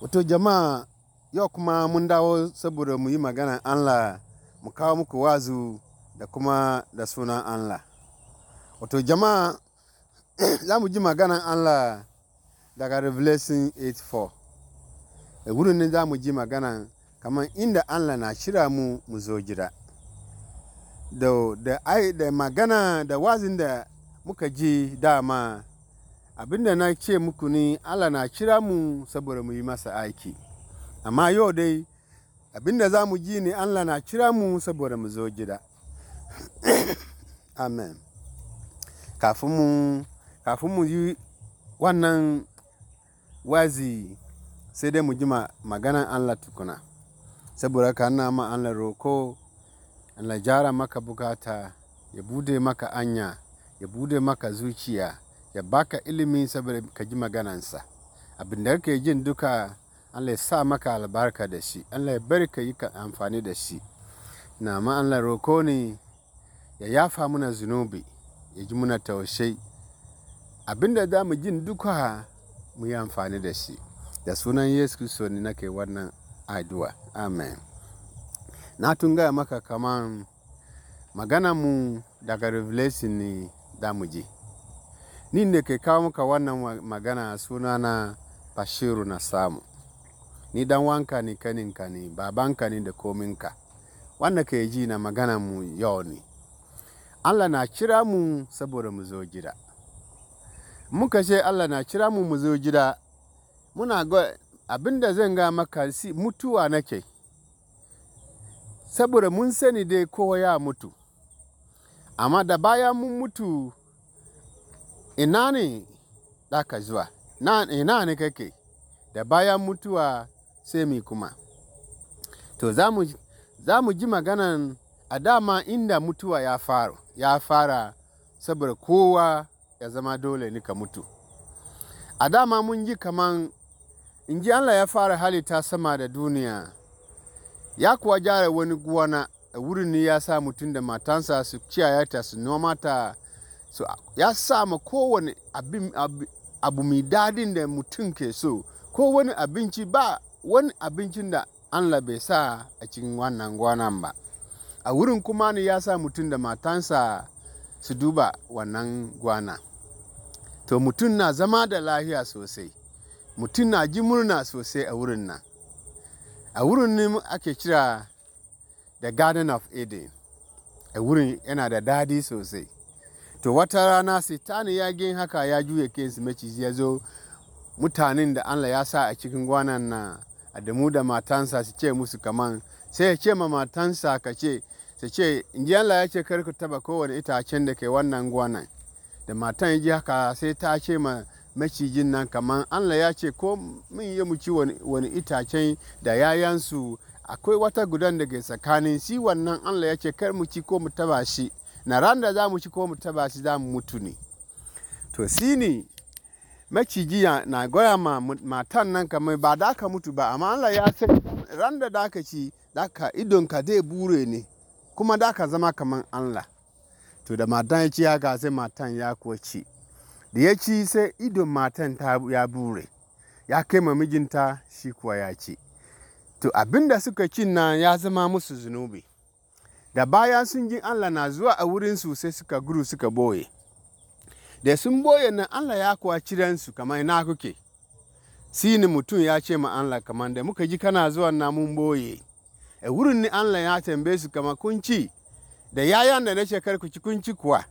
Wato jama'a yau kuma mun dawo saboda mu yi magana Allah mu kawo muku wazu da kuma da sunan Allah. Wato jama'a za mu ji maganan Allah daga Revelation 8:4. Da wurin ne za mu ji magana kamar inda Allah na shira mu mu zo gida. Da, da, da magana da wazin da muka ji dama Abin da na ce muku ne allah na kira mu saboda mu yi masa aiki amma yau dai abin da za mu ji ne allah na kira mu saboda mu zo gida amen kafin kafin mu yi wannan wazi sai dai mu ji maganan allah tukuna saboda ka na ma allah roko allah jara maka bukata ya bude maka anya ya bude maka zuciya ya baka ilimi saboda ka ji maganansa abin da kake jin duka Allah ya sa maka albarka da shi Allah ya bari ka yi amfani da shi na ma Allah roko ne ya yafa muna zunubi ya ji muna taushe abinda da za mu jin duka mu yi amfani da shi da sunan yesu kristo ne na ke wannan addu'a amen na tun gaya maka kaman magana mu daga revelation ne da mu je ni ne ke kawo maka wannan magana sunana bashiru na samu ni dan wanka ne kaninka ne babanka ne da kominka wanda ka ji na magana mu yau ne allah na kira mu saboda mu zo gida muka ce allah na kira mu mu zo gida muna ga abinda zan ga maka si mutuwa nake saboda mun sani dai ko ya mutu amma da bayan mun mutu ina ne ɗaka zuwa ina ne kake da bayan mutuwa sai mi kuma to za mu ji maganan a dama inda mutuwa ya fara ya fara saboda kowa ya zama dole ne ka mutu a dama mun ji kaman in ji allah ya fara halitta sama da duniya ya kuwa gyara wani gwana a wurin ne ya sa mutum da matansa su ciyayata su noma ta so ya sa ma kowane abu mai dadin da mutum ke so ko wani abinci ba wani abincin da an bai sa a cikin wannan gwanan ba a wurin kuma ne ya sa mutum da matansa su duba wannan gwana to mutum na zama da lahiya sosai mutum na ji murna sosai a wurin nan a wurin ne ake kira the garden of eden a wurin yana da dadi sosai to wata rana sai ya gin haka ya juya kansu maciji ya zo mutanen da allah ya sa a cikin gwanan na adamu da matansa su ce musu kaman sai ya ce ma matansa ka ce su ce in ji allah ya ce kar ku taba kowane itacen da ke wannan gwanan da matan ya ji haka sai ta ce ma macijin nan kaman allah ya ce ko min yi mu ci wani itacen da yayansu akwai wata gudan da ke tsakanin si wannan allah ya ce kar mu ci ko mu taba shi na ran da za mu ci ko mu taba shi za mu mutu ne to shi ne maciji na goya ma matan nan kamar ba da ka mutu ba amma Allah ya san ran da da ka ci da ka ka zai bure ne kuma da ka zama kamar Allah to da matan ya ci haka sai matan ya kuwa ci da ya ci sai idon matan ta ya bure ya kai ma mijinta shi kuwa ya ci to abinda suka cin nan ya zama musu zunubi da bayan sun ji allah na zuwa a wurinsu sai suka guru suka boye da sun boye nan allah ya kuwa ciransu kamar na kuke sini mutum ya ce ma allah kamar da muka ji kana zuwa na mun boye a wurin ni allah ya tambaye su kamar kun da yayan da na shekar ku ci kun ci kuwa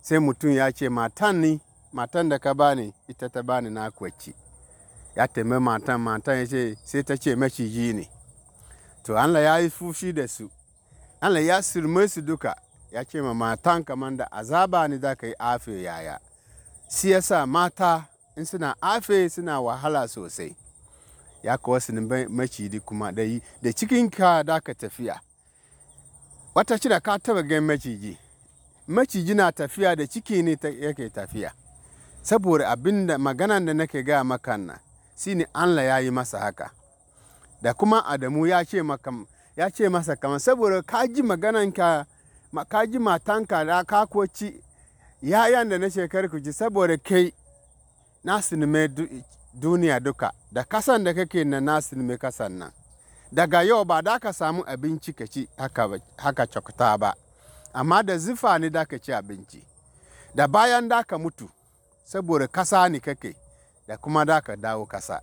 sai mutum ya ce matan ni matan da ka bani ita ta bani na kuwa ci ya tambaye matan matan ya ce sai ta ce maciji ne to allah ya yi fushi da su Allah ya sirme su duka ya ce ma matan kamar da azaba ne za ka yi afe yaya shi yasa mata in suna afe suna wahala sosai ya kawo su maciji kuma da yi da ka da ka tafiya wata shida ka taba gan maciji maciji na tafiya da ciki ne yake tafiya saboda abin da maganan da nake gaya maka nan shi ne allah ya yi masa haka da kuma adamu ya ce maka ya ce masa kamar saboda ka ji magananka ka ji matanka da ka ko ci yayan da na shekar ku ji saboda kai na sinime duniya duka da kasan da kake na na sinime kasan nan daga yau ba da ka samu abinci ka ci haka cakuta ba amma da zifa ne da ka ci abinci da bayan da ka mutu saboda kasa ne kake da kuma da ka dawo kasa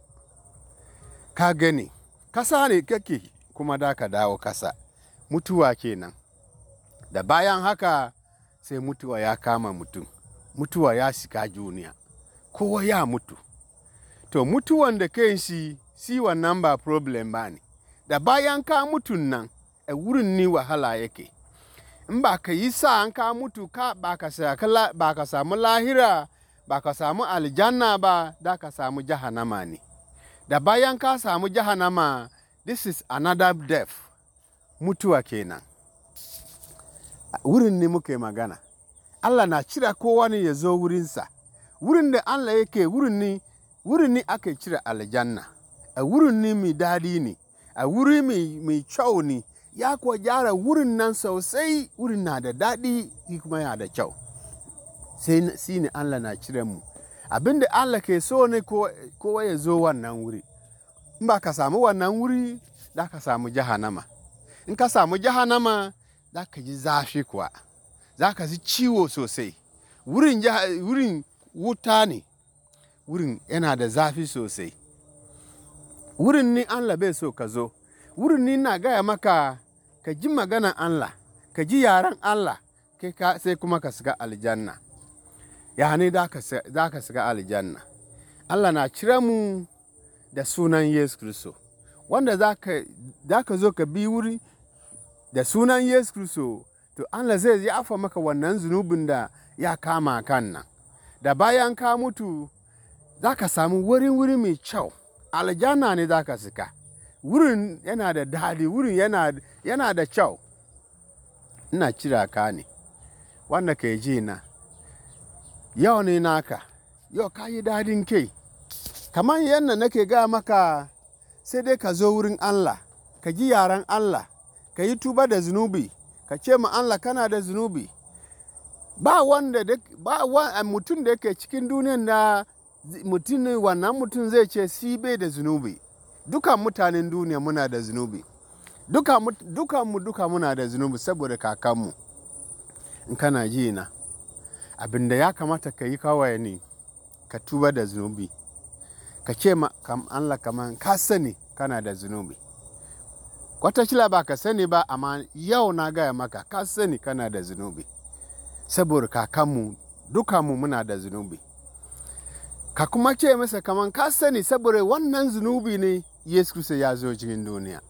ka gani kasa ne kake kuma da ka dawo kasa mutuwa kenan da bayan haka sai mutuwa ya kama mutum mutuwa ya shiga duniya kowa ya mutu to mutuwan da kai si wannan ba problem ba ne da bayan ka mutun nan a wurin ni wahala yake in ba ka yi sa an ka mutu ka ba ka samu lahira ba ka samu aljanna ba da ka samu jahanama ne da bayan ka samu jahanama this is another death mutuwa kenan wurin ne muke magana allah na cira kowa ne ya zo wurinsa wurin da allah yake wurin ne wurin ni ake cire aljanna a wurin ni mai daɗi ne a wuri mai kyau ne ya kuwa gyara wurin nan sosai wurin na da daɗi kuma yana da kyau sai ne allah na cire mu abinda allah ke so ne kowa ya zo wannan wuri in ba ka samu wannan wuri za ka samu jahanama in ka samu jahanama za ka ji zafi kuwa za ka ji ciwo sosai wurin, wuta ne wurin yana da zafi sosai wurin ni allah bai so ka zo wurin ni na gaya maka ka ji maganan allah ka ji yaren allah sai kuma ka shiga aljanna ya ne za ka shiga aljanna allah na cire mu da sunan Yesu Kristo. Wanda za ka zo ka bi wuri da sunan Yesu Kristo, to Allah zai afa maka wannan zunubin da ya kama kan nan. Da bayan ka mutu za ka samu wurin wuri mai kyau, aljana ne za ka sika. Wurin yana da daɗi, wurin yana da kyau. Ina cira ka ne, wanda ka yi ji na, yau ne naka, yau ka yi daɗin kai. kamar yadda nake ga maka sai dai ka zo wurin Allah ka ji yaren Allah ka yi tuba da zunubi ka ce ma Allah kana da zunubi ba wanda ba wanda mutum da yake cikin duniyan da mutum wannan mutum zai ce si bai da zunubi dukan mutanen duniya muna da zunubi dukanmu duka, duka muna da zunubi saboda kakanmu in kana ji na abin ya kamata ka yi kawai ne ka tuba da zunubi ka ce ma Allah kaman ka sani kana da zunubi watakila ba ka sani ba amma yau na gaya maka ka sani kana da zunubi saboda kakanmu dukanmu muna da zunubi ka kuma ce masa kaman ka sani saboda wannan zunubi ne yesu kristo ya zo cikin duniya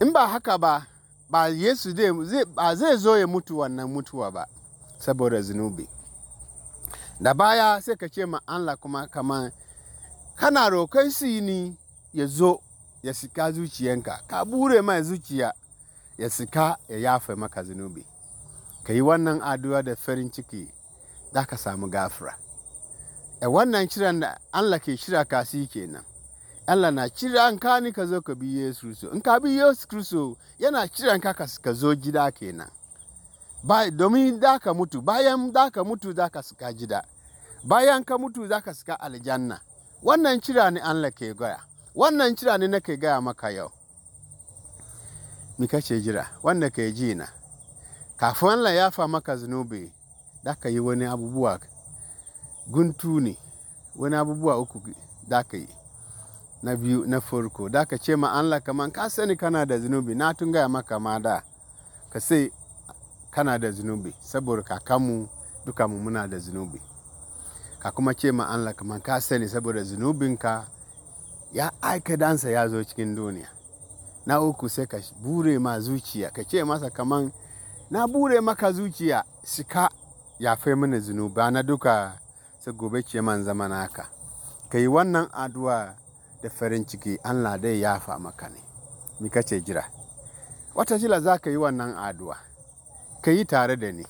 in ba haka ba ba yesu zai zo ya mutu wannan mutuwa ba saboda zunubi da baya sai ka ce ma Allah kuma kamar kana roƙon shi ni ya zo ya sika zuciyanka ka bure mai zuciya ya sika ya yafe maka zunubi ka yi wannan addu'a da farin ciki za ka samu gafira e wannan ciran da Allah ke shira ka ke kenan Allah na ciran ka ni ka zo ka bi Yesu in ka bi Yesu Kristo yana ciran ka ka zo gida kenan ba domin da ka mutu bayan da ka mutu za ka suka jida bayan ka mutu za ka suka aljanna wannan cira ne allah ke gaya wannan cira ne nake gaya maka yau mi kace jira wanda ka ji na kafin allah ya fa maka zunubi da ka yi wani abubuwa guntu ne wani abubuwa uku da ka yi na biyu na farko da ka ce ma allah kaman ka sani kana da zunubi na tun gaya maka ma da ka sai kana da zunubi saboda kakanmu duka mu muna da zunubi ka kuma ce ma Allah kamar ka sani saboda zunubinka ya aika dansa ya zo cikin duniya na uku sai ka bure ma zuciya ka ce masa kaman na bure maka zuciya shika ya fai mini zunubi na duka sai gobe ce man zama naka ka yi wannan addu'a da farin ciki Allah dai yafa maka ne mi kace jira wata jila za ka yi wannan addu'a ka yi tare da ni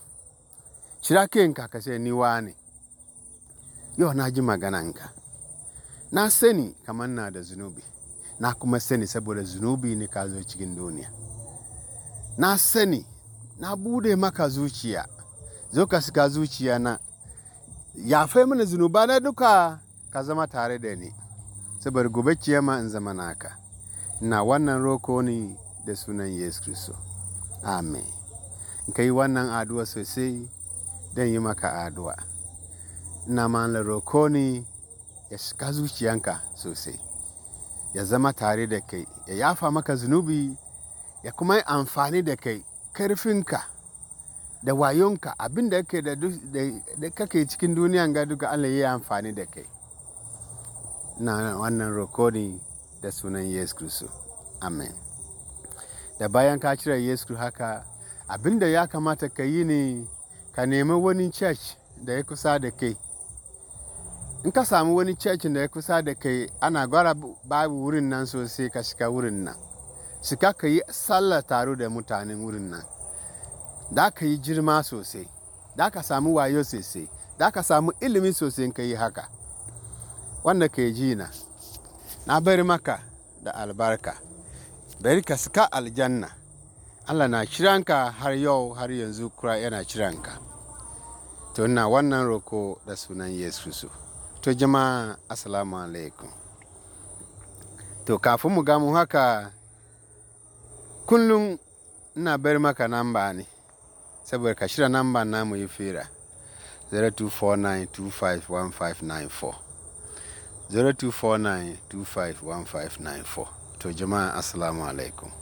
cira kanka ka ce ni wane yau na ji magananka na sani kamar na da zunubi na kuma sani saboda zunubi ne ka zo cikin duniya na sani na bude maka zuciya zo ka suka zuciya na yafe mana zunuba na duka ka zama tare da ni saboda gobe ma in zama naka na wannan roko ne da sunan yesu kristo amen in ka yi wannan aduwa sosai don yi maka aduwa ina malar roko ne ya shiga zuciyanka sosai ya zama tare da kai ya yafa maka zunubi ya kuma yi amfani da kai karfinka da wayonka abin da kake cikin duniyan ga duka Allah ya yi amfani da kai na wannan roko ne da sunan Yesu Kristo amen da bayan ka cire Yesu haka abin da ya kamata ka yi ne ka nemi wani church da ya kusa da kai in ka samu wani church da ya kusa da kai ana gwara babu wurin nan sosai ka shiga wurin nan shiga ka yi sallah taro da mutanen wurin nan da ka yi jirma sosai da ka samu wayo sosai da ka samu ilimi sosai ka yi haka wanda ka yi jina na bari maka da albarka bari ka suka aljanna allah na kiranka har yau har yanzu kura yana kiranka to ina wannan roko da sunan yesu su to jama'a assalamu alaikum to kafin mu gamu haka kullum ina bar maka namba ne saboda ka shirya namba na mu yi fira 0249251594 0249251594 to jama'a assalamu alaikum